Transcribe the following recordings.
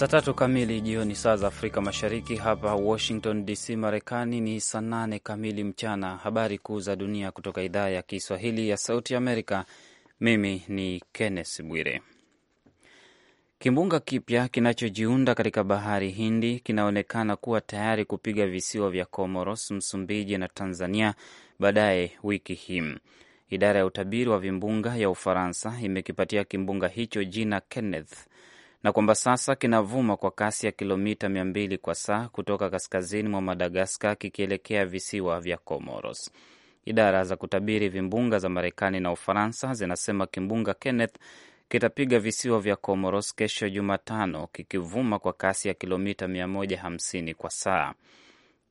Saa tatu kamili jioni saa za Afrika Mashariki. Hapa Washington DC, Marekani ni saa nane kamili mchana. Habari kuu za dunia kutoka idhaa ya Kiswahili ya Sauti Amerika. Mimi ni Kenneth Bwire. Kimbunga kipya kinachojiunda katika bahari Hindi kinaonekana kuwa tayari kupiga visiwa vya Comoros, Msumbiji na Tanzania baadaye wiki hii. Idara ya utabiri wa vimbunga ya Ufaransa imekipatia kimbunga hicho jina Kenneth na kwamba sasa kinavuma kwa kasi ya kilomita 200 kwa saa kutoka kaskazini mwa Madagaskar kikielekea visiwa vya Comoros. Idara za kutabiri vimbunga za Marekani na Ufaransa zinasema kimbunga Kenneth kitapiga visiwa vya Comoros kesho Jumatano, kikivuma kwa kasi ya kilomita 150 kwa saa.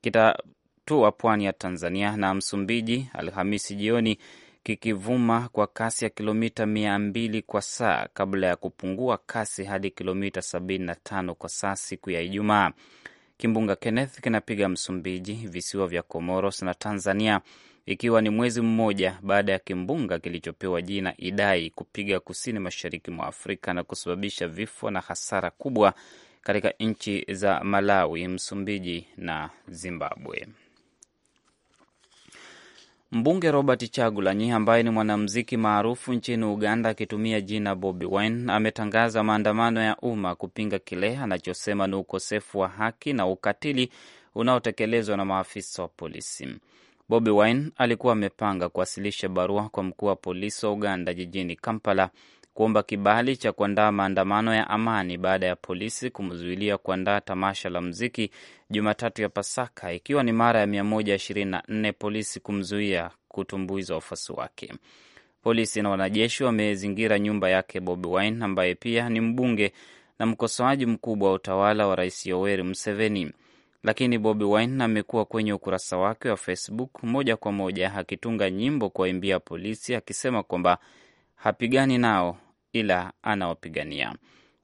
Kitatua pwani ya Tanzania na Msumbiji Alhamisi jioni kikivuma kwa kasi ya kilomita mia mbili kwa saa kabla ya kupungua kasi hadi kilomita 75 kwa saa siku ya Ijumaa. Kimbunga Kenneth kinapiga Msumbiji, visiwa vya Comoros na Tanzania, ikiwa ni mwezi mmoja baada ya kimbunga kilichopewa jina Idai kupiga kusini mashariki mwa Afrika na kusababisha vifo na hasara kubwa katika nchi za Malawi, Msumbiji na Zimbabwe. Mbunge Robert Chagulanyi ambaye ni mwanamuziki maarufu nchini Uganda akitumia jina Bobi Wine ametangaza maandamano ya umma kupinga kile anachosema ni ukosefu wa haki na ukatili unaotekelezwa na maafisa wa polisi. Bobi Wine alikuwa amepanga kuwasilisha barua kwa mkuu wa polisi wa Uganda jijini Kampala kuomba kibali cha kuandaa maandamano ya amani baada ya polisi kumzuilia kuandaa tamasha la mziki Jumatatu ya Pasaka, ikiwa ni mara ya 124 polisi kumzuia kutumbuiza wafuasi wake. Polisi na wanajeshi wamezingira nyumba yake Bobi Wine ambaye pia ni mbunge na mkosoaji mkubwa wa utawala wa Rais Yoweri Museveni. Lakini Bobi Wine amekuwa kwenye ukurasa wake wa Facebook moja kwa moja akitunga nyimbo kuwaimbia polisi akisema kwamba hapigani nao ila anawapigania.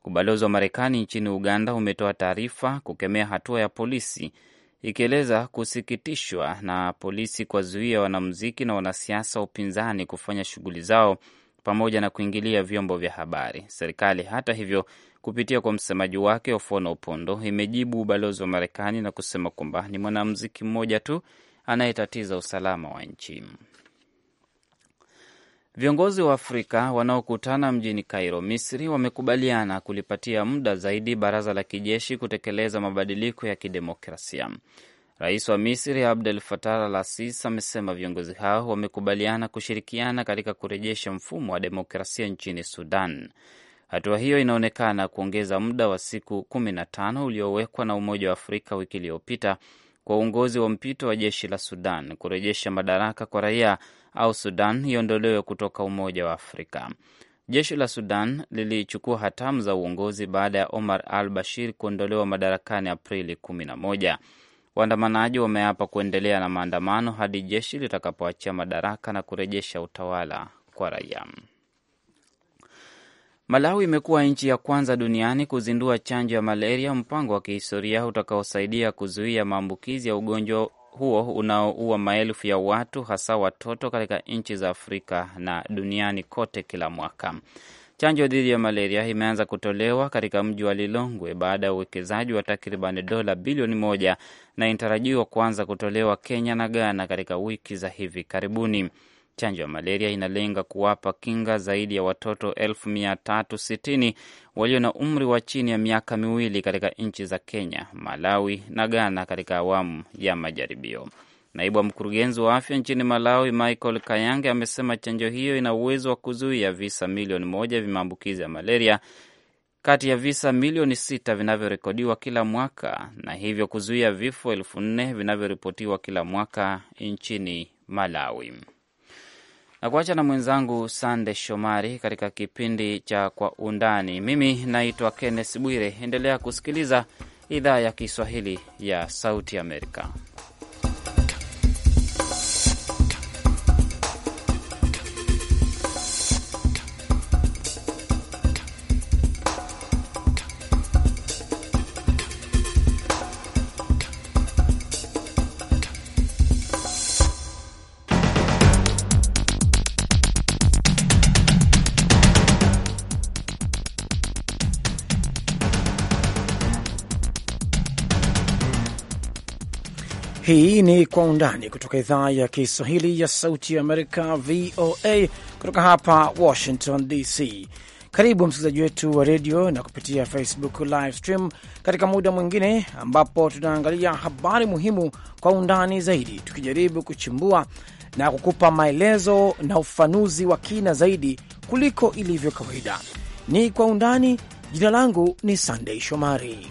Ubalozi wa Marekani nchini Uganda umetoa taarifa kukemea hatua ya polisi ikieleza kusikitishwa na polisi kwa zuia wanamuziki na wanasiasa wa upinzani kufanya shughuli zao pamoja na kuingilia vyombo vya habari. Serikali hata hivyo, kupitia kwa msemaji wake Ofono Opondo, imejibu ubalozi wa Marekani na kusema kwamba ni mwanamuziki mmoja tu anayetatiza usalama wa nchi. Viongozi wa Afrika wanaokutana mjini Kairo, Misri, wamekubaliana kulipatia muda zaidi baraza la kijeshi kutekeleza mabadiliko ya kidemokrasia. Rais wa Misri Abdel Fattah al-Sisi amesema viongozi hao wamekubaliana kushirikiana katika kurejesha mfumo wa demokrasia nchini Sudan. Hatua hiyo inaonekana kuongeza muda wa siku 15 uliowekwa na Umoja wa Afrika wiki iliyopita kwa uongozi wa mpito wa jeshi la Sudan kurejesha madaraka kwa raia au Sudan iondolewe kutoka Umoja wa Afrika. Jeshi la Sudan lilichukua hatamu za uongozi baada ya Omar al Bashir kuondolewa madarakani Aprili 11. Waandamanaji wameapa kuendelea na maandamano hadi jeshi litakapoachia madaraka na kurejesha utawala kwa raia. Malawi imekuwa nchi ya kwanza duniani kuzindua chanjo ya malaria, mpango wa kihistoria utakaosaidia kuzuia maambukizi ya ugonjwa huo unaoua maelfu ya watu hasa watoto katika nchi za Afrika na duniani kote kila mwaka. Chanjo dhidi ya malaria imeanza kutolewa katika mji wa Lilongwe baada ya uwekezaji wa takribani dola bilioni moja na inatarajiwa kuanza kutolewa Kenya na Ghana katika wiki za hivi karibuni. Chanjo ya malaria inalenga kuwapa kinga zaidi ya watoto elfu mia tatu sitini walio na umri wa chini ya miaka miwili katika nchi za Kenya, Malawi na Ghana katika awamu ya majaribio. Naibu wa mkurugenzi wa afya nchini Malawi, Michael Kayange, amesema chanjo hiyo ina uwezo wa kuzuia visa milioni moja vya maambukizi ya malaria kati ya visa milioni sita vinavyorekodiwa kila mwaka na hivyo kuzuia vifo elfu nne vinavyoripotiwa kila mwaka nchini Malawi na kuacha na mwenzangu Sande Shomari katika kipindi cha Kwa Undani. Mimi naitwa Kenneth Bwire. Endelea kusikiliza idhaa ya Kiswahili ya Sauti Amerika. Hii ni Kwa Undani kutoka idhaa ya Kiswahili ya Sauti ya Amerika, VOA, kutoka hapa Washington DC. Karibu msikilizaji wetu wa redio na kupitia Facebook live stream katika muda mwingine ambapo tunaangalia habari muhimu kwa undani zaidi, tukijaribu kuchimbua na kukupa maelezo na ufanuzi wa kina zaidi kuliko ilivyo kawaida. Ni Kwa Undani. Jina langu ni Sandei Shomari.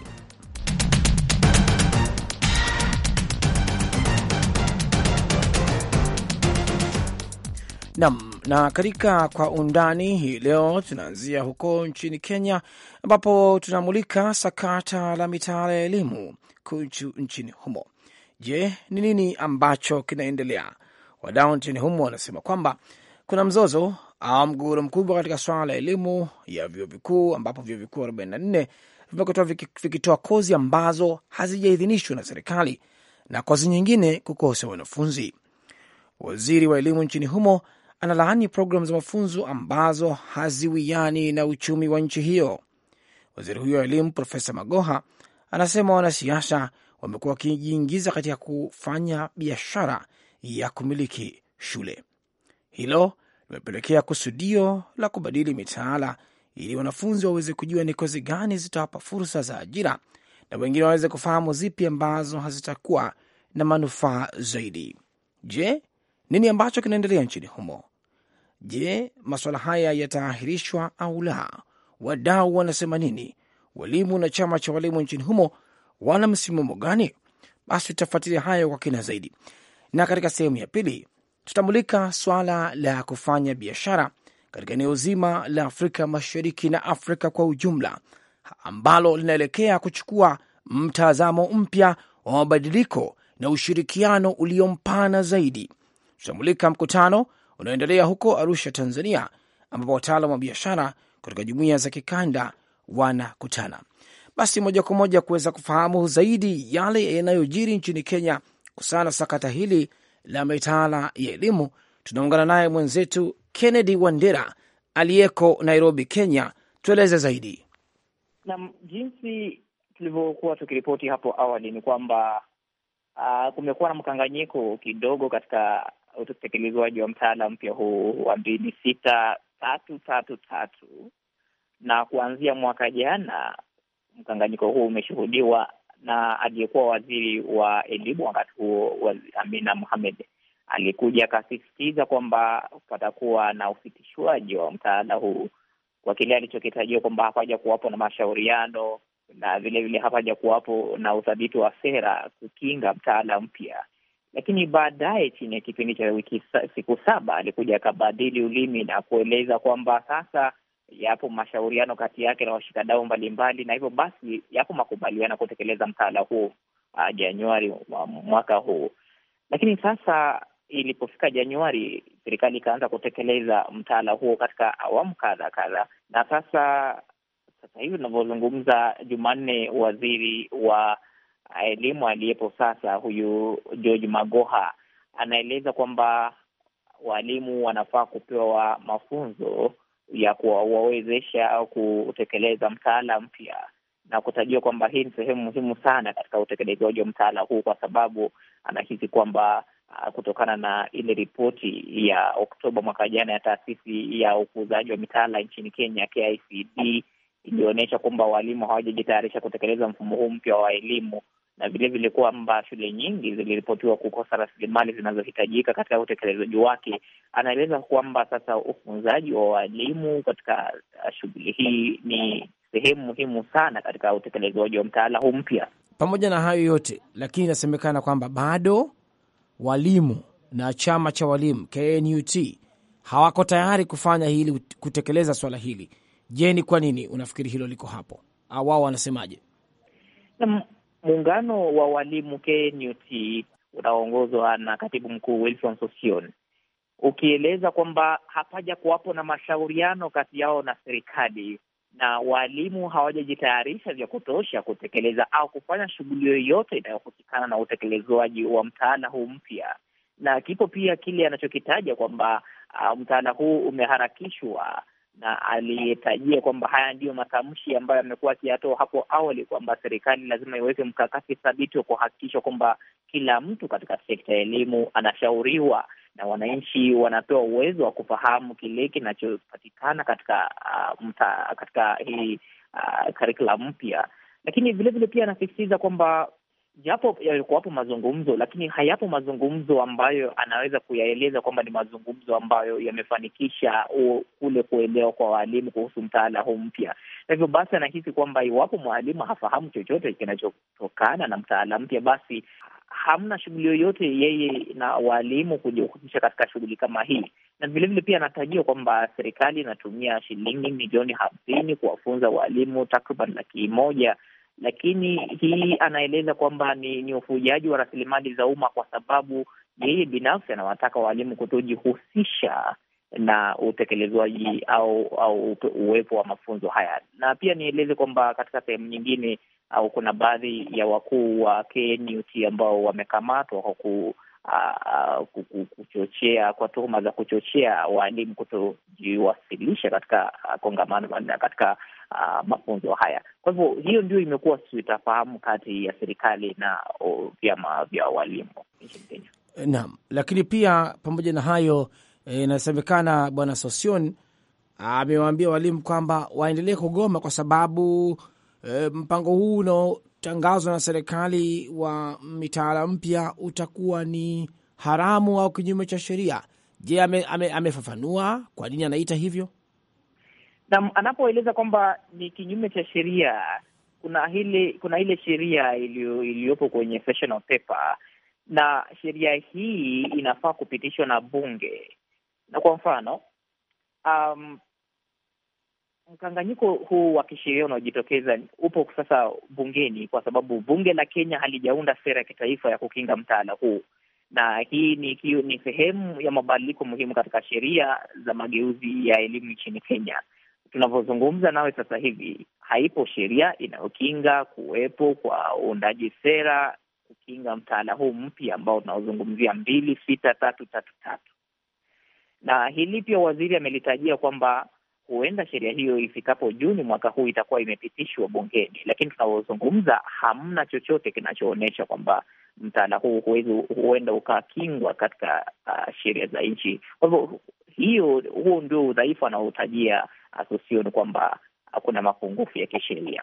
Nam na katika kwa undani hii leo tunaanzia huko nchini Kenya, ambapo tunamulika sakata la mitaala ya elimu nchini humo. Je, ni nini ambacho kinaendelea? Wadau nchini humo wanasema kwamba kuna mzozo au mgogoro mkubwa katika swala la elimu ya vyuo vikuu, ambapo vyuo vikuu 44 vimekuwa vikitoa kozi ambazo hazijaidhinishwa na serikali na kozi nyingine kukosa wanafunzi. Waziri wa elimu nchini humo analaani programu za mafunzo ambazo haziwiani na uchumi wa nchi hiyo. Waziri huyo wa elimu Profesa Magoha anasema wanasiasa wamekuwa wakijiingiza katika kufanya biashara ya kumiliki shule. Hilo limepelekea kusudio la kubadili mitaala ili wanafunzi waweze kujua ni kozi gani zitawapa fursa za ajira na wengine waweze kufahamu zipi ambazo hazitakuwa na manufaa zaidi. Je, nini ambacho kinaendelea nchini humo? Je, masuala haya yataahirishwa au la? Wadau wanasema nini? Walimu na chama cha walimu nchini humo wana msimamo gani? Basi tutafuatilia hayo kwa kina zaidi, na katika sehemu ya pili tutamulika swala la kufanya biashara katika eneo zima la Afrika Mashariki na Afrika kwa ujumla, ambalo linaelekea kuchukua mtazamo mpya wa mabadiliko na ushirikiano ulio mpana zaidi. Tutamulika mkutano unaoendelea huko Arusha, Tanzania, ambapo wataalam wa biashara kutoka jumuiya za kikanda wanakutana. Basi moja kwa moja kuweza kufahamu zaidi yale yanayojiri nchini Kenya kuhusiana na sakata hili la mitaala ya elimu, tunaungana naye mwenzetu Kennedy Wandera aliyeko Nairobi, Kenya. Tueleze zaidi. Naam, jinsi tulivyokuwa tukiripoti hapo awali ni kwamba uh, kumekuwa na mkanganyiko kidogo katika utekelezwaji wa mtaala mpya huu wa mbili sita tatu tatu tatu, na kuanzia mwaka jana mkanganyiko huu umeshuhudiwa na aliyekuwa waziri wa elimu wakati huo Amina Mohamed alikuja akasisitiza kwamba patakuwa na usitishwaji wa mtaala huu kwa kile alichokitajia kwamba hapaja kuwapo na mashauriano na vilevile hapaja kuwapo na uthabiti wa sera kukinga mtaala mpya. Lakini baadaye chini ya kipindi cha wiki siku saba alikuja akabadili ulimi na kueleza kwamba sasa yapo mashauriano kati yake na washikadau mbalimbali, na hivyo basi yapo makubaliano kutekeleza mtaala huu uh, Januari mwaka huu. Lakini sasa ilipofika Januari, serikali ikaanza kutekeleza mtaala huo katika awamu kadha kadha, na sasa sasa hivi unavyozungumza Jumanne, waziri wa elimu aliyepo sasa, huyu George Magoha, anaeleza kwamba walimu wanafaa kupewa mafunzo ya kuwawezesha au kutekeleza mtaala mpya na kutajua kwamba hii ni sehemu muhimu sana katika utekelezaji wa mtaala huu, kwa sababu anahisi kwamba ah, kutokana na ile ripoti ya Oktoba mwaka jana ya taasisi ya ukuzaji wa mitaala nchini Kenya, KICD, ilionyesha kwamba walimu hawajajitayarisha kutekeleza mfumo huu mpya wa elimu, na vilevile kwamba shule nyingi ziliripotiwa kukosa rasilimali zinazohitajika katika utekelezaji wake. Anaeleza kwamba sasa ufunzaji wa walimu katika uh, shughuli hii ni sehemu muhimu sana katika utekelezaji wa mtaala huu mpya. Pamoja na hayo yote lakini, inasemekana kwamba bado walimu na chama cha walimu KNUT hawako tayari kufanya hili, kutekeleza swala hili. Je, ni kwa nini unafikiri hilo liko hapo, au wao wanasemaje? Muungano wa walimu KNUT unaoongozwa na katibu mkuu Wilson Sosion ukieleza kwamba hapaja kuwapo na mashauriano kati yao na serikali na walimu hawajajitayarisha vya kutosha kutekeleza au kufanya shughuli yoyote inayohusikana na utekelezwaji wa mtaala huu mpya. Na kipo pia kile anachokitaja kwamba uh, mtaala huu umeharakishwa na alitajia kwamba haya ndiyo matamshi ambayo amekuwa akiyatoa hapo awali kwamba serikali lazima iweke mkakati thabiti wa kuhakikisha kwamba kila mtu katika sekta ya elimu anashauriwa na wananchi wanapewa uwezo wa kufahamu kile kinachopatikana katika uh, mta, katika hii uh, karikula mpya, lakini vilevile pia anasisitiza kwamba japo yalikuwapo mazungumzo, lakini hayapo mazungumzo ambayo anaweza kuyaeleza kwamba ni mazungumzo ambayo yamefanikisha kule kuelewa kwa waalimu kuhusu mtaala huu mpya. Na hivyo basi, anahisi kwamba iwapo mwalimu hafahamu chochote kinachotokana na mtaala mpya, basi hamna shughuli yoyote yeye na waalimu kujihusisha katika shughuli kama hii. Na vilevile pia anatajia kwamba serikali inatumia shilingi milioni hamsini kuwafunza waalimu takriban laki moja lakini hii anaeleza kwamba ni, ni ufujaji wa rasilimali za umma kwa sababu yeye binafsi anawataka waalimu kutojihusisha na utekelezwaji au au uwepo wa mafunzo haya. Na pia nieleze kwamba katika sehemu nyingine au kuna baadhi ya wakuu wa KNUT ambao wamekamatwa kwa ku uh, kuchochea kwa tuhuma za kuchochea waalimu kutojiwasilisha katika uh, kongamano katika uh, mafunzo haya. Kwa hivyo hiyo ndio imekuwa sitafahamu kati ya serikali na vyama vya walimu nchini Kenya. Naam, lakini pia pamoja na hayo e, inasemekana e, Bwana Sosion amewaambia walimu kwamba waendelee kugoma kwa sababu e, mpango huu no, tangazo na serikali wa mitaala mpya utakuwa ni haramu au kinyume cha sheria. Je, amefafanua ame, ame kwa nini anaita hivyo? Naam, anapoeleza kwamba ni kinyume cha sheria, kuna hili, kuna ile sheria iliyopo kwenye sessional paper na sheria hii inafaa kupitishwa na bunge, na kwa mfano um, Mkanganyiko huu wa kisheria unaojitokeza upo sasa bungeni, kwa sababu bunge la Kenya halijaunda sera ya kitaifa ya kukinga mtaala huu, na hii ni, ni sehemu ya mabadiliko muhimu katika sheria za mageuzi ya elimu nchini Kenya. Tunavyozungumza nawe sasa hivi, haipo sheria inayokinga kuwepo kwa uundaji sera kukinga mtaala huu mpya ambao tunaozungumzia mbili sita tatu tatu tatu, na hili pia waziri amelitajia kwamba huenda sheria hiyo ifikapo Juni mwaka huu itakuwa imepitishwa bungeni, lakini tunavyozungumza, hamna chochote kinachoonyesha kwamba mtaala huu huenda ukakingwa katika uh, sheria za nchi. Kwa hivyo hiyo, huo ndio udhaifu anaotajia Asusioni uh, kwamba kuna mapungufu ya kisheria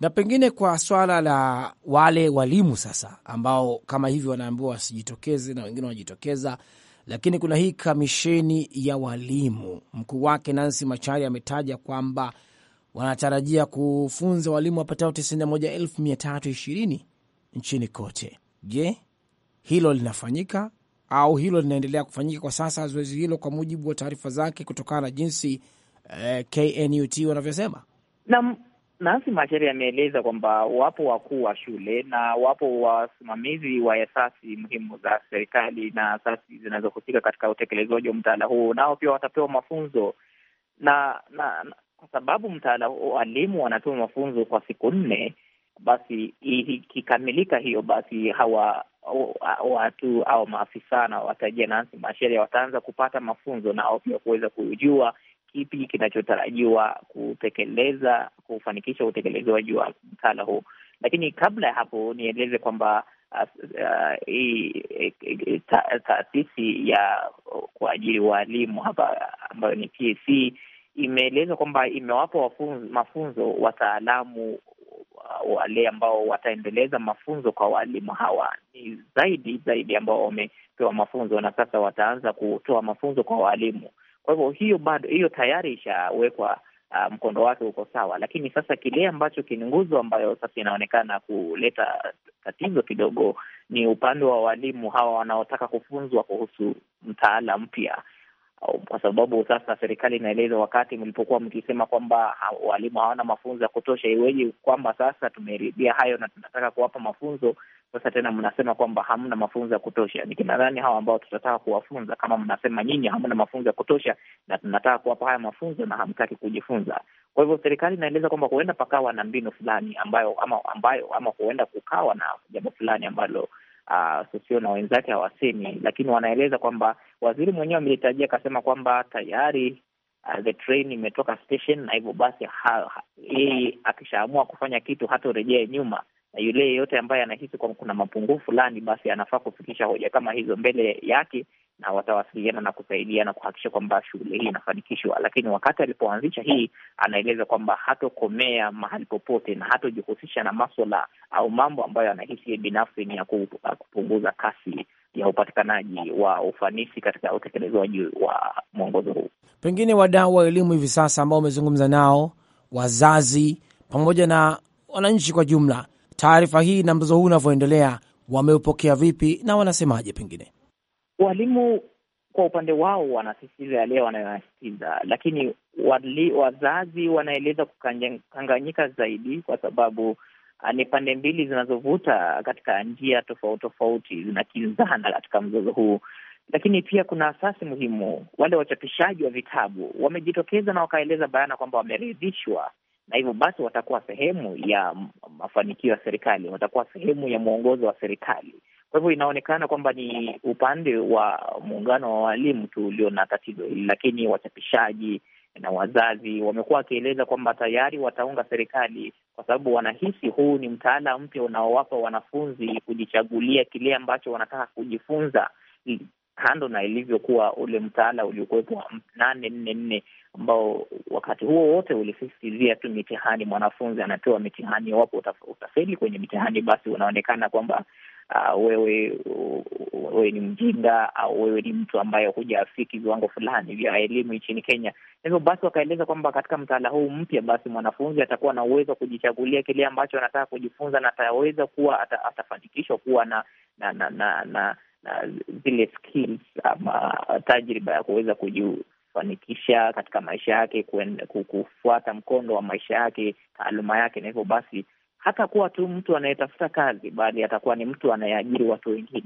na pengine kwa swala la wale walimu sasa ambao kama hivyo wanaambiwa wasijitokeze na wengine wanajitokeza lakini kuna hii kamisheni ya walimu, mkuu wake Nancy machari ametaja kwamba wanatarajia kufunza walimu wapatao 91,320 nchini kote. Je, hilo linafanyika au hilo linaendelea kufanyika kwa sasa, zoezi hilo, kwa mujibu wa taarifa zake, kutokana na jinsi eh, KNUT wanavyosema? Naam, Nancy Macharia ameeleza kwamba wapo wakuu wa shule na wapo wasimamizi wa asasi muhimu za serikali na asasi zinazohusika katika utekelezaji wa mtaala huu, nao pia watapewa mafunzo na na, na kwa sababu mtaala walimu wanatoa mafunzo kwa siku nne, basi ikikamilika hiyo, basi hawa watu au maafisa na watajia Nancy Macharia wataanza kupata mafunzo nao pia kuweza kujua kipi kinachotarajiwa kutekeleza kufanikisha utekelezaji wa mtaala huu. Lakini kabla ya hapo nieleze kwamba uh, uh, hii eh, eh, taasisi ya kuajiri waalimu hapa ambayo ni TSC imeeleza kwamba imewapa mafunzo wataalamu wale ambao wataendeleza mafunzo kwa waalimu hawa. Ni zaidi zaidi ambao wamepewa mafunzo na sasa wataanza kutoa mafunzo kwa waalimu. Kwa hivyo hiyo bado hiyo tayari ishawekwa uh, mkondo wake uko sawa, lakini sasa kile ambacho kini ambayo sasa inaonekana kuleta tatizo kidogo ni upande wa walimu hawa wanaotaka kufunzwa kuhusu mtaala mpya um, kwa sababu sasa serikali inaeleza, wakati mlipokuwa mkisema kwamba walimu hawana mafunzo ya kutosha, iweje kwamba sasa tumeridhia hayo na tunataka kuwapa mafunzo, sasa tena mnasema kwamba hamna mafunzo ya kutosha. Ni kina nani hawa ambao tutataka kuwafunza kama mnasema nyinyi hamna mafunzo ya kutosha na tunataka kuwapa haya mafunzo na hamtaki kujifunza? Kwa hivyo serikali inaeleza kwamba huenda pakawa na mbinu fulani ambayo ama ambayo ama huenda kukawa na jambo fulani ambalo Uh, ah, Sosio na wenzake hawasemi, lakini wanaeleza kwamba waziri mwenyewe amelitajia akasema kwamba tayari uh, the train imetoka station, na hivyo basi yeye akishaamua kufanya kitu hatorejea nyuma na yule yeyote ambaye anahisi kwamba kuna mapungufu fulani, basi anafaa kufikisha hoja kama hizo mbele yake, na watawasiliana na kusaidiana kuhakikisha kwamba shughuli hii inafanikishwa. Lakini wakati alipoanzisha hii, anaeleza kwamba hatokomea mahali popote na hatojihusisha na maswala au mambo ambayo anahisi binafsi ni ya kupunguza kasi ya upatikanaji wa ufanisi katika utekelezaji wa mwongozo huu. Pengine wadau wa elimu hivi sasa ambao umezungumza nao, wazazi pamoja na wananchi kwa jumla taarifa hii na mzozo huu unavyoendelea, wameupokea vipi na wanasemaje? Pengine walimu kwa upande wao wanasisitiza yale wanayoyasitiza, lakini wali, wazazi wanaeleza kukanganyika zaidi, kwa sababu ah, ni pande mbili zinazovuta katika njia tofauti tofauti, zinakinzana katika mzozo huu. Lakini pia kuna asasi muhimu, wale wachapishaji wa vitabu wamejitokeza na wakaeleza bayana kwamba wameridhishwa na hivyo basi watakuwa sehemu ya mafanikio ya serikali, watakuwa sehemu ya mwongozo wa serikali. Kwa hivyo inaonekana kwamba ni upande wa muungano wa walimu tu ulio na tatizo hili, lakini wachapishaji na wazazi wamekuwa wakieleza kwamba tayari wataunga serikali kwa sababu wanahisi huu ni mtaala mpya unaowapa wanafunzi kujichagulia kile ambacho wanataka kujifunza kando na ilivyokuwa ule mtaala uliokuwepo nane nne nne ambao wakati huo wote ulisisitizia tu mitihani. Mwanafunzi anapewa mitihani, iwapo utafeli kwenye mitihani, basi unaonekana kwamba uh, wewe wewe ni mjinga au uh, wewe ni mtu ambaye hujafiki viwango fulani vya elimu nchini Kenya. Hivyo basi wakaeleza kwamba katika mtaala huu mpya, basi mwanafunzi atakuwa na uwezo wa kujichagulia kile ambacho anataka kujifunza na ataweza kuwa ata, atafanikishwa kuwa na na na na, na na zile skills ama tajriba ya kuweza kujifanikisha katika maisha yake, kufuata mkondo wa maisha yake, taaluma yake, na hivyo basi hata kuwa tu mtu anayetafuta kazi, bali atakuwa ni mtu anayeajiri watu wengine.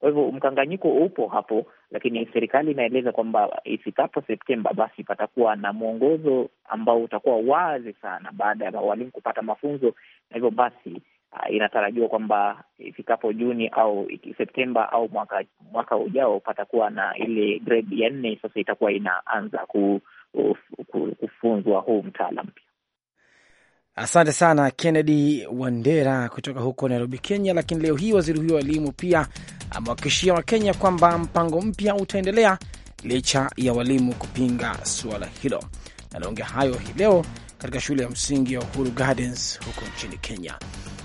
Kwa hivyo mkanganyiko upo hapo, lakini serikali inaeleza kwamba ifikapo Septemba basi patakuwa na mwongozo ambao utakuwa wazi sana, baada ya walimu kupata mafunzo, na hivyo basi uh, inatarajiwa kwamba ifikapo Juni au Septemba au mwaka mwaka ujao patakuwa na ile grade ya nne, sasa itakuwa inaanza ku, ku, ku, kufunzwa huu mtaala mpya. Asante sana Kennedy Wandera kutoka huko Nairobi, Kenya. Lakini leo hii waziri huyo wa elimu pia amewakishia Wakenya kwamba mpango mpya utaendelea licha ya walimu kupinga suala hilo. Anaongea hayo hii leo katika shule ya msingi ya Uhuru Gardens huko nchini Kenya.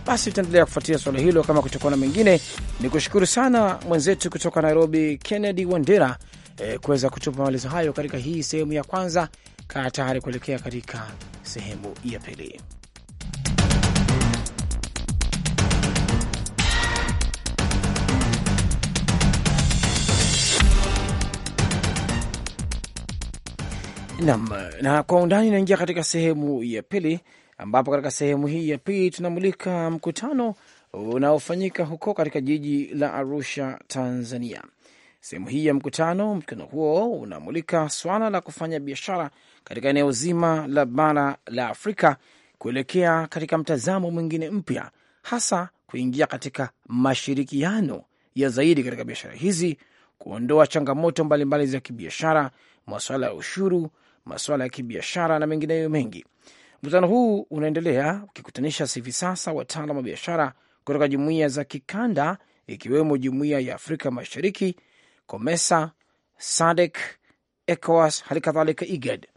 Basi tutaendelea kufuatilia suala hilo kama kutokuwa na mengine. Ni kushukuru sana mwenzetu kutoka Nairobi, Kennedy Wandera, eh, kuweza kutupa maelezo hayo katika hii sehemu ya kwanza. Kaa tayari kuelekea katika sehemu ya pili. Nam na kwa undani inaingia katika sehemu ya pili ambapo katika sehemu hii ya pili tunamulika mkutano unaofanyika huko katika jiji la Arusha, Tanzania. Sehemu hii ya mkutano, mkutano huo unamulika swala la kufanya biashara katika eneo zima la bara la Afrika kuelekea katika mtazamo mwingine mpya, hasa kuingia katika mashirikiano ya zaidi katika biashara hizi, kuondoa changamoto mbalimbali za kibiashara, masuala ya ushuru, masuala ya kibiashara na mengineyo mengi. Mkutano huu unaendelea ukikutanisha hivi sasa wataalam wa biashara kutoka jumuiya za kikanda ikiwemo jumuiya ya Afrika Mashariki, COMESA, SADC, ECOWAS, hali kadhalika IGAD.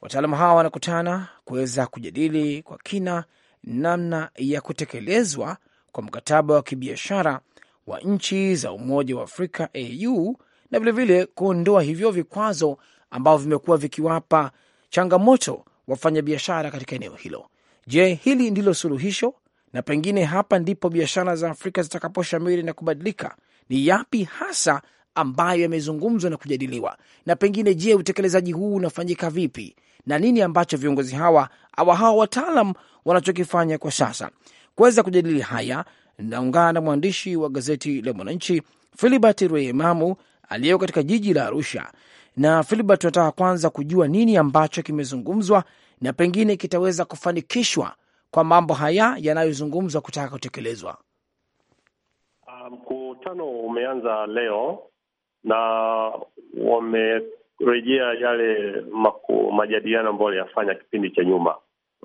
Wataalamu hawa wanakutana kuweza kujadili kwa kina namna ya kutekelezwa kwa mkataba wa kibiashara wa nchi za Umoja wa Afrika AU na vilevile kuondoa hivyo vikwazo ambavyo vimekuwa vikiwapa changamoto wafanyabiashara katika eneo hilo. Je, hili ndilo suluhisho? Na pengine hapa ndipo biashara za Afrika zitakaposhamiri na kubadilika. Ni yapi hasa ambayo yamezungumzwa na kujadiliwa? Na pengine, je, utekelezaji huu unafanyika vipi, na nini ambacho viongozi hawa awa hawa wataalam wanachokifanya kwa sasa? Kuweza kujadili haya, naungana na mwandishi wa gazeti la Mwananchi Filibert Rweyemamu aliyeko katika jiji la Arusha. Na filiba tunataka kwanza kujua nini ambacho kimezungumzwa na pengine kitaweza kufanikishwa kwa mambo haya yanayozungumzwa kutaka kutekelezwa. Ah, mkutano um, umeanza leo na wamerejea yale majadiliano ambayo waliyafanya kipindi cha nyuma.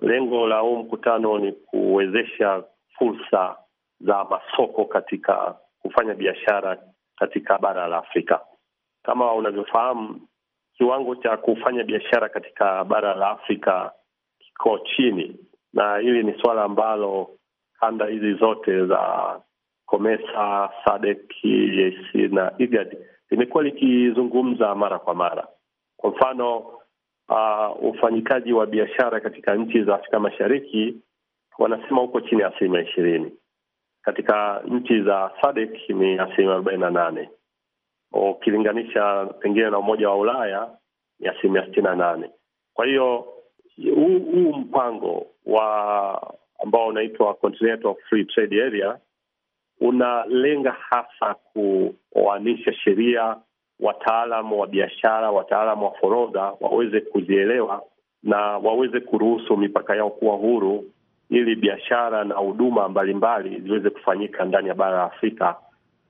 Lengo la huu mkutano ni kuwezesha fursa za masoko katika kufanya biashara katika bara la Afrika. Kama unavyofahamu, kiwango cha kufanya biashara katika bara la Afrika kiko chini, na hili ni suala ambalo kanda hizi zote za COMESA, SADC, EAC na IGAD limekuwa likizungumza mara kwa mara. Kwa mfano, uh, ufanyikaji wa biashara katika nchi za Afrika Mashariki wanasema uko chini ya asilimia ishirini katika nchi za SADC ni asilimia arobaini na nane ukilinganisha pengine na Umoja wa Ulaya ni asilimia sitini na nane. Kwa hiyo huu mpango wa ambao unaitwa Continental Free Trade Area unalenga hasa kuoanisha sheria, wataalamu wa biashara, wataalamu wa forodha waweze kuzielewa na waweze kuruhusu mipaka yao kuwa huru ili biashara na huduma mbalimbali ziweze kufanyika ndani ya bara la Afrika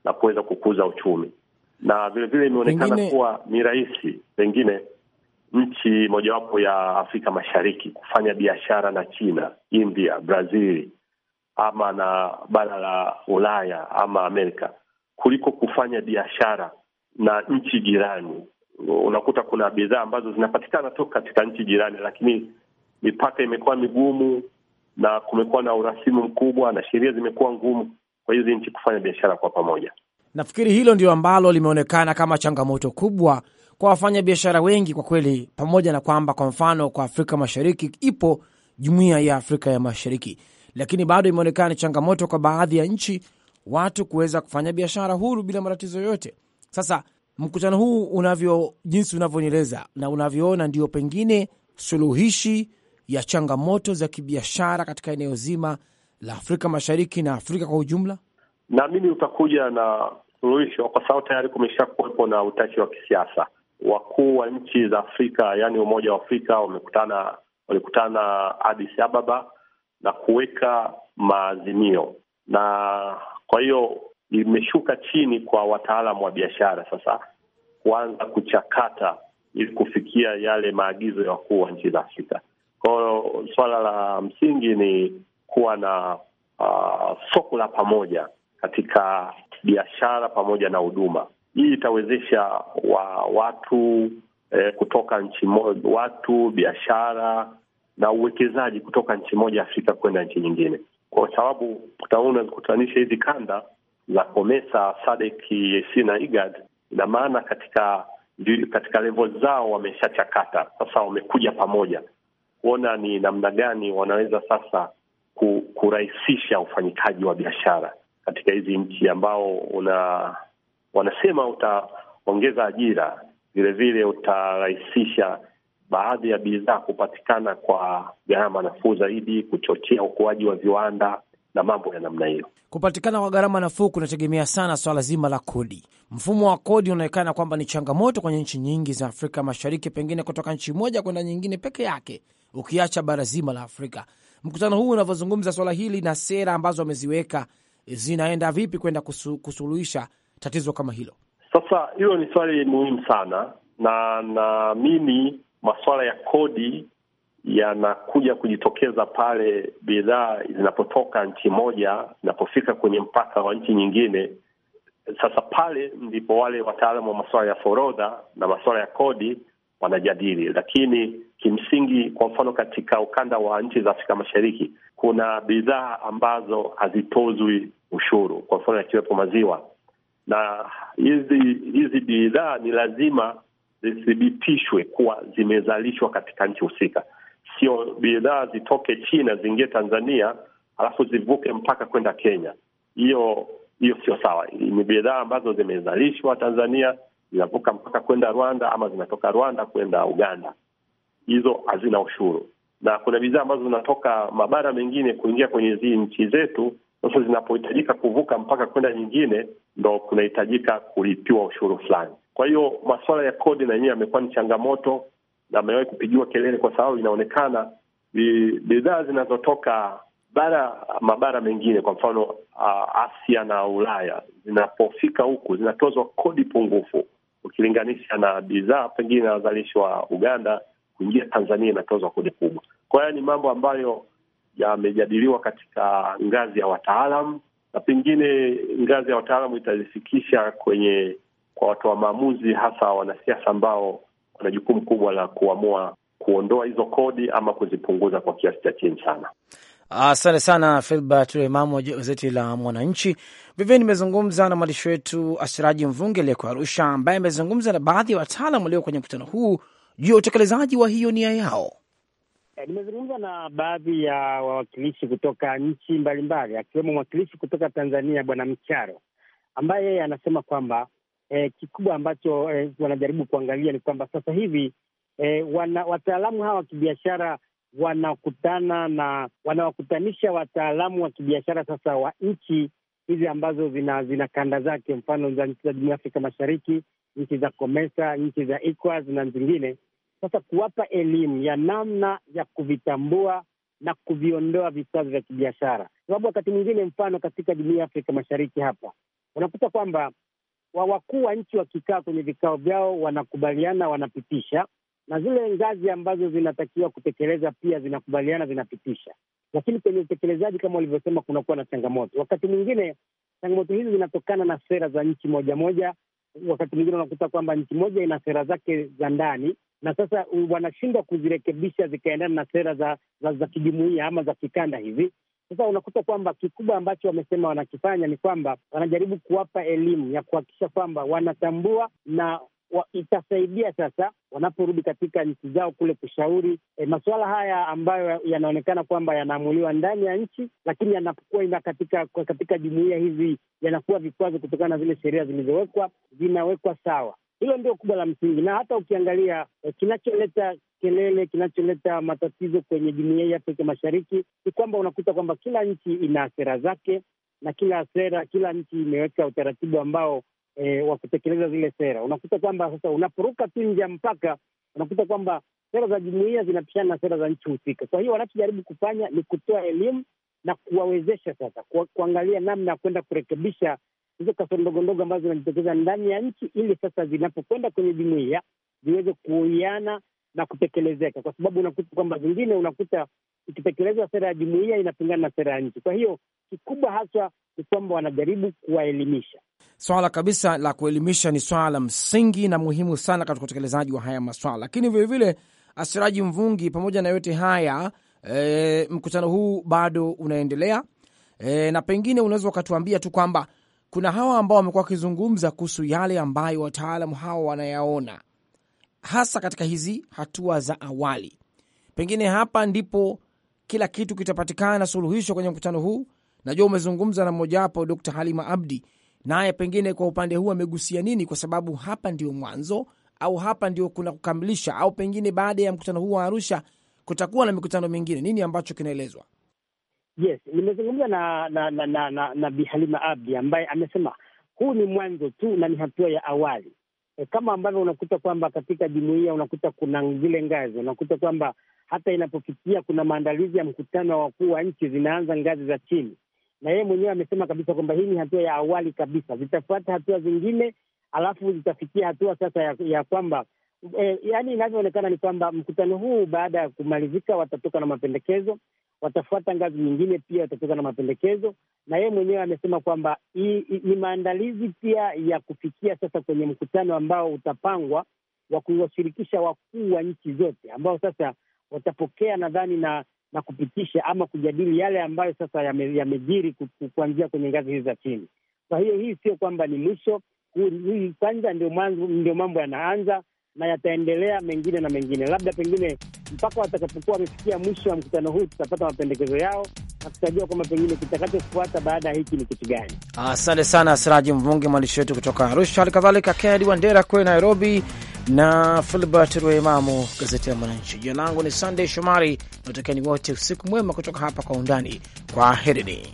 na kuweza kukuza uchumi, na vilevile imeonekana vile kuwa ni rahisi pengine nchi mojawapo ya Afrika Mashariki kufanya biashara na China, India, brazili ama na bara la Ulaya ama Amerika kuliko kufanya biashara na nchi jirani. Unakuta kuna bidhaa ambazo zinapatikana tu katika nchi jirani, lakini mipaka imekuwa migumu, na kumekuwa na urasimu mkubwa na sheria zimekuwa ngumu kwa hizi nchi kufanya biashara kwa pamoja. Nafikiri hilo ndio ambalo limeonekana kama changamoto kubwa kwa wafanyabiashara wengi kwa kweli, pamoja na kwamba kwa mfano kwa Afrika Mashariki ipo Jumuiya ya Afrika ya Mashariki, lakini bado imeonekana ni changamoto kwa baadhi ya nchi watu kuweza kufanya biashara huru bila matatizo yoyote. Sasa mkutano huu unavyo, jinsi unavyonieleza na unavyoona, ndio pengine suluhishi ya changamoto za kibiashara katika eneo zima la Afrika Mashariki na Afrika kwa ujumla? Naamini utakuja na suluhisho kwa sababu tayari kumesha kuwepo na utashi wa kisiasa. Wakuu wa nchi za Afrika, yaani Umoja wa Afrika, wamekutana walikutana Addis Ababa na kuweka maazimio, na kwa hiyo imeshuka chini kwa wataalam wa biashara sasa kuanza kuchakata ili kufikia yale maagizo ya wakuu wa nchi za Afrika swala la msingi ni kuwa na uh, soko la pamoja katika biashara pamoja na huduma. Hii itawezesha wa watu eh, kutoka nchi moja, watu biashara na uwekezaji kutoka nchi moja Afrika kwenda nchi nyingine, kwa sababu utaona hizi kanda za COMESA, SADC, EAC na IGAD. Ina maana katika katika level zao wameshachakata sasa, wamekuja pamoja kuona ni namna gani wanaweza sasa kurahisisha ufanyikaji wa biashara katika hizi nchi ambao una wanasema utaongeza ajira, vilevile utarahisisha baadhi ya bidhaa kupatikana kwa gharama nafuu zaidi, kuchochea ukuaji wa viwanda na mambo ya namna hiyo. Kupatikana kwa gharama nafuu kunategemea sana swala so zima la kodi. Mfumo wa kodi unaonekana kwamba ni changamoto kwenye nchi nyingi za Afrika Mashariki, pengine kutoka nchi moja kwenda nyingine peke yake, ukiacha bara zima la Afrika. Mkutano huu unavyozungumza swala hili na sera ambazo wameziweka zinaenda vipi kwenda kusuluhisha tatizo kama hilo? Sasa hilo ni swali muhimu sana, na na mimi masuala ya kodi yanakuja kujitokeza pale bidhaa zinapotoka nchi moja zinapofika kwenye mpaka wa nchi nyingine. Sasa pale ndipo wale wataalamu wa masuala ya forodha na masuala ya kodi wanajadili, lakini kimsingi, kwa mfano, katika ukanda wa nchi za Afrika Mashariki kuna bidhaa ambazo hazitozwi ushuru, kwa mfano, yakiwepo maziwa, na hizi hizi bidhaa ni lazima zithibitishwe kuwa zimezalishwa katika nchi husika sio bidhaa zitoke China ziingie Tanzania alafu zivuke mpaka kwenda Kenya. Hiyo hiyo sio sawa. Ni bidhaa ambazo zimezalishwa Tanzania zinavuka mpaka kwenda Rwanda ama zinatoka Rwanda kwenda Uganda, hizo hazina ushuru. Na kuna bidhaa ambazo zinatoka mabara mengine kuingia kwenye zii nchi zetu. Sasa zinapohitajika kuvuka mpaka kwenda nyingine, ndo kunahitajika kulipiwa ushuru fulani. Kwa hiyo masuala ya kodi na yenyewe yamekuwa ni changamoto amewahi kupigiwa kelele kwa sababu inaonekana bidhaa zinazotoka bara mabara mengine, kwa mfano uh, Asia na Ulaya zinapofika huku zinatozwa kodi pungufu ukilinganisha na bidhaa pengine inayozalishwa Uganda kuingia Tanzania inatozwa kodi kubwa. Kwa hiyo ni mambo ambayo yamejadiliwa katika ngazi ya wataalam na pengine ngazi ya wataalamu itazifikisha kwenye kwa watu wa maamuzi, hasa wanasiasa ambao wana jukumu kubwa la kuamua kuondoa hizo kodi ama kuzipunguza kwa kiasi cha chini sana. Asante sana Filbert Imamu wa gazeti la Mwananchi. Vivyo nimezungumza na mwandishi wetu Asiraji Mvunge aliyeko Arusha, ambaye amezungumza na baadhi ya wataalam walio kwenye mkutano huu juu ya utekelezaji wa hiyo nia yao. Eh, nimezungumza na baadhi ya wawakilishi kutoka nchi mbalimbali, akiwemo mwakilishi kutoka Tanzania, Bwana Mcharo, ambaye yeye anasema kwamba eh, kikubwa ambacho eh, wanajaribu kuangalia ni kwamba sasa hivi eh, wana, wataalamu hawa wa kibiashara wanakutana na wanawakutanisha wataalamu wa kibiashara sasa wa nchi hizi ambazo zina zina kanda zake, mfano za nchi za Jumuiya Afrika Mashariki, nchi za COMESA, nchi za ECOWAS na zingine, sasa kuwapa elimu ya namna ya kuvitambua na kuviondoa vikwazo vya kibiashara, sababu wakati mwingine, mfano katika Jumuiya ya Afrika Mashariki hapa unakuta kwamba wa wakuu wa nchi wakikaa kwenye vikao vyao wanakubaliana, wanapitisha, na zile ngazi ambazo zinatakiwa kutekeleza pia zinakubaliana, zinapitisha. Lakini kwenye utekelezaji, kama walivyosema, kunakuwa na changamoto. Wakati mwingine changamoto hizi zinatokana na sera za nchi moja moja. Wakati mwingine unakuta kwamba nchi moja ina sera zake za ndani na sasa wanashindwa kuzirekebisha zikaendana na sera za, za, za kijumuia ama za kikanda hivi sasa unakuta kwamba kikubwa ambacho wamesema wanakifanya ni kwamba wanajaribu kuwapa elimu ya kuhakikisha kwamba wanatambua na wa, itasaidia sasa wanaporudi katika nchi zao kule kushauri e, masuala haya ambayo yanaonekana kwamba yanaamuliwa ndani ya nchi, lakini yanapokuwa ina katika katika jumuiya hizi yanakuwa vikwazo kutokana na zile sheria zilizowekwa zinawekwa sawa. Hilo ndio kubwa la msingi, na hata ukiangalia eh, kinacholeta kelele, kinacholeta matatizo kwenye jumuiya ya Afrika Mashariki ni kwamba unakuta kwamba kila nchi ina sera zake na kila sera, kila nchi imeweka utaratibu ambao e, wa kutekeleza zile sera. Unakuta kwamba sasa unaporuka tu nje ya mpaka, unakuta kwamba sera za jumuia zinapishana na sera za nchi husika. Kwa hiyo wanachojaribu kufanya ni kutoa elimu na kuwawezesha sasa kuangalia namna ya kwenda kurekebisha hizo kasoro ndogo ndogo ambazo zinajitokeza ndani ya nchi, ili sasa zinapokwenda kwenye jumuiya ziweze kuiana na kutekelezeka, kwa sababu unakuta kwamba zingine unakuta ikitekelezwa sera ya jumuiya inapingana na sera ya nchi. Kwa hiyo kikubwa haswa ni kwamba wanajaribu kuwaelimisha. Swala kabisa la kuelimisha ni swala la msingi na muhimu sana katika utekelezaji wa haya maswala, lakini vilevile Asiraji Mvungi, pamoja na yote haya e, mkutano huu bado unaendelea e, na pengine unaweza ukatuambia tu kwamba kuna hawa ambao wamekuwa wakizungumza kuhusu yale ambayo wataalamu hawa wanayaona hasa katika hizi hatua za awali. Pengine hapa ndipo kila kitu kitapatikana suluhisho kwenye mkutano huu. Najua umezungumza na mmojawapo, d Halima Abdi, naye pengine kwa upande huu amegusia nini, kwa sababu hapa ndio mwanzo au hapa ndio kuna kukamilisha, au pengine baada ya mkutano huu wa Arusha kutakuwa na mikutano mingine. Nini ambacho kinaelezwa? Yes, nimezungumza na na na, na, na, na Bi Halima Abdi ambaye amesema huu ni mwanzo tu na ni hatua ya awali e, kama ambavyo unakuta kwamba katika jumuia unakuta kuna zile ngazi, unakuta kwamba hata inapofikia kuna maandalizi ya mkutano wa wakuu wa nchi zinaanza ngazi za chini, na yeye mwenyewe amesema kabisa kwamba hii ni hatua ya awali kabisa, zitafuata hatua zingine, alafu zitafikia hatua sasa ya, ya kwamba e, yaani inavyoonekana ni kwamba mkutano huu baada ya kumalizika watatoka na mapendekezo watafuata ngazi nyingine, pia watatoka na mapendekezo. Na yeye mwenyewe amesema kwamba ni maandalizi pia ya kufikia sasa kwenye mkutano ambao utapangwa wa kuwashirikisha wakuu wa nchi zote ambao sasa watapokea nadhani na na kupitisha ama kujadili yale ambayo sasa yamejiri kuanzia kwenye ngazi hizi za chini. Kwa hiyo hii sio kwamba ni mwisho hii, kwanza ndio mambo yanaanza na yataendelea mengine na mengine, labda pengine mpaka watakapokuwa wamefikia mwisho wa mkutano huu, tutapata mapendekezo yao na tutajua kwamba pengine kitakachofuata baada ya hiki ni kitu gani. Asante sana Siraji Mvungi, mwandishi wetu kutoka Arusha, hali kadhalika Kennedy Wandera kwe Nairobi na Filbert Rweimamu, gazeti la Mwananchi. Jina langu ni Sandey Shomari, natakieni wote usiku mwema kutoka hapa kwa undani. Kwaherini.